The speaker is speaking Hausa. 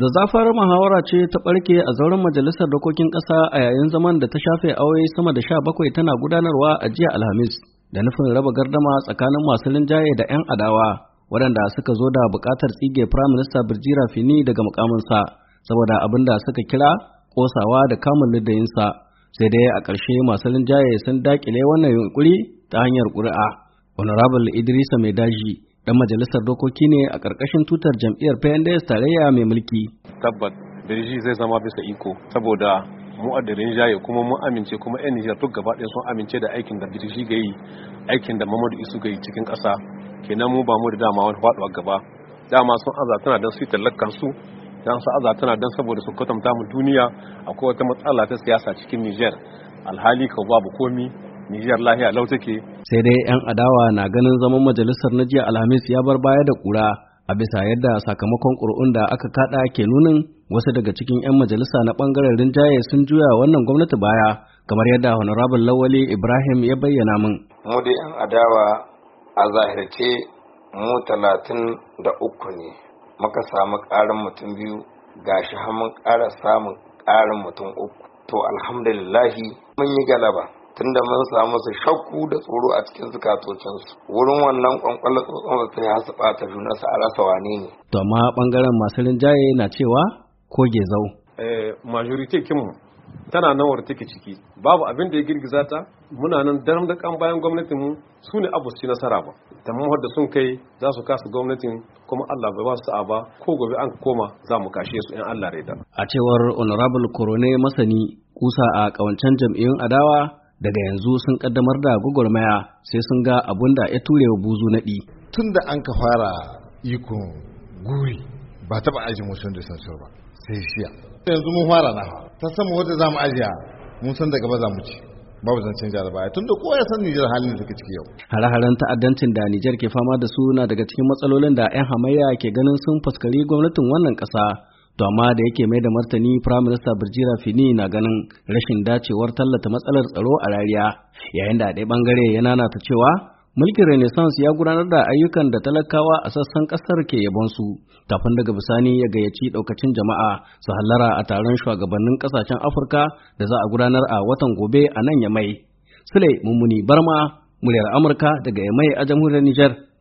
Zazzafar muhawara ce ta ɓarke a zauren majalisar dokokin ƙasa a yayin zaman da ta shafe aure sama da sha bakwai tana gudanarwa a jiya Alhamis da nufin raba gardama tsakanin masu linjaye da 'yan adawa waɗanda suka zo da buƙatar tsige Firayim Minista Birjira Fini daga mukaminsa saboda abin da suka kira ƙosawa da kamun lidayinsa sai dai a ƙarshe masu linjaye sun daƙile wannan yunƙuri ta hanyar ƙuri'a. Honorable Idrisa Mai Daji dan majalisar dokoki ne a ƙarƙashin tutar jam'iyyar PNDS tarayya mai mulki. Tabbat Birji zai zama bisa iko saboda mu a da rinjaye kuma mu amince kuma 'yan Nijar duk gaba ɗaya sun amince da aikin da Birji ga yi aikin da Mamadu Isu ga yi cikin ƙasa kenan mu ba mu da dama wani faɗuwa gaba dama sun aza tana don su yi su dan su aza tana don saboda su kwatanta mu duniya akwai wata matsala ta siyasa cikin Nijar alhali ka babu komi Nijar lahiya lau take sai dai 'yan adawa na ganin zaman majalisar na jiya alhamis ya bar baya da kura a bisa yadda sakamakon ƙuri'un da aka kaɗa ke nunin wasu daga cikin 'yan majalisa na ɓangaren rinjaye sun juya wannan gwamnati baya kamar yadda honorable lawali ibrahim ya bayyana min mu da 'yan adawa a zahirce mu talatin da uku ne muka samu ƙarin mutum biyu gashi har mun ƙara samun ƙarin mutum uku to alhamdulillahi mun yi galaba tunda mun samu su shakku da tsoro a cikin zukatocinsu wurin wannan kwankwala tsotson su ya su bata juna su a rasa wane ne to amma bangaren masu rinjaye na cewa ko gezau eh majority kinmu tana nan war take ciki babu abin da ya girgiza ta muna nan daram da kan bayan gwamnatin mu su ne abu su nasara ba tamam da sun kai za su kasu gwamnatin kuma Allah bai ba su sa'a ba ko gobe an koma za mu kashe su in Allah da a cewar honorable korone masani kusa a kawancan jam'iyyun adawa daga yanzu sun kaddamar da gwagwarmaya sai sun ga abun da ya ture wa buzu naɗi. Tun da an ka fara ikon guri ba taɓa aji motion da sansur ba sai shiya. Yanzu mun fara na ta sama wata za mu ajiya mun san daga ba za mu ci. Babu zancen jihar baya tun da kowa ya san Nijar halin da take ciki yau. Hare-haren ta'addancin da Nijar ke fama da su na daga cikin matsalolin da 'yan hamayya ke ganin sun fuskari gwamnatin wannan ƙasa. To amma da yake mai da martani Prime Minister Birjira Fini na ganin rashin dacewar tallata matsalar tsaro a rariya yayin da a ɗaya ɓangare ya nanata cewa mulkin Renaissance ya gudanar da ayyukan da talakawa a sassan ƙasar ke su kafin daga bisani ya gayyaci ɗaukacin jama'a su hallara a taron shugabannin ƙasashen Afirka da za a gudanar a watan gobe a nan Yamai. Sule Mummuni Barma, muryar Amurka daga Yamai a jamhuriyar Nijar.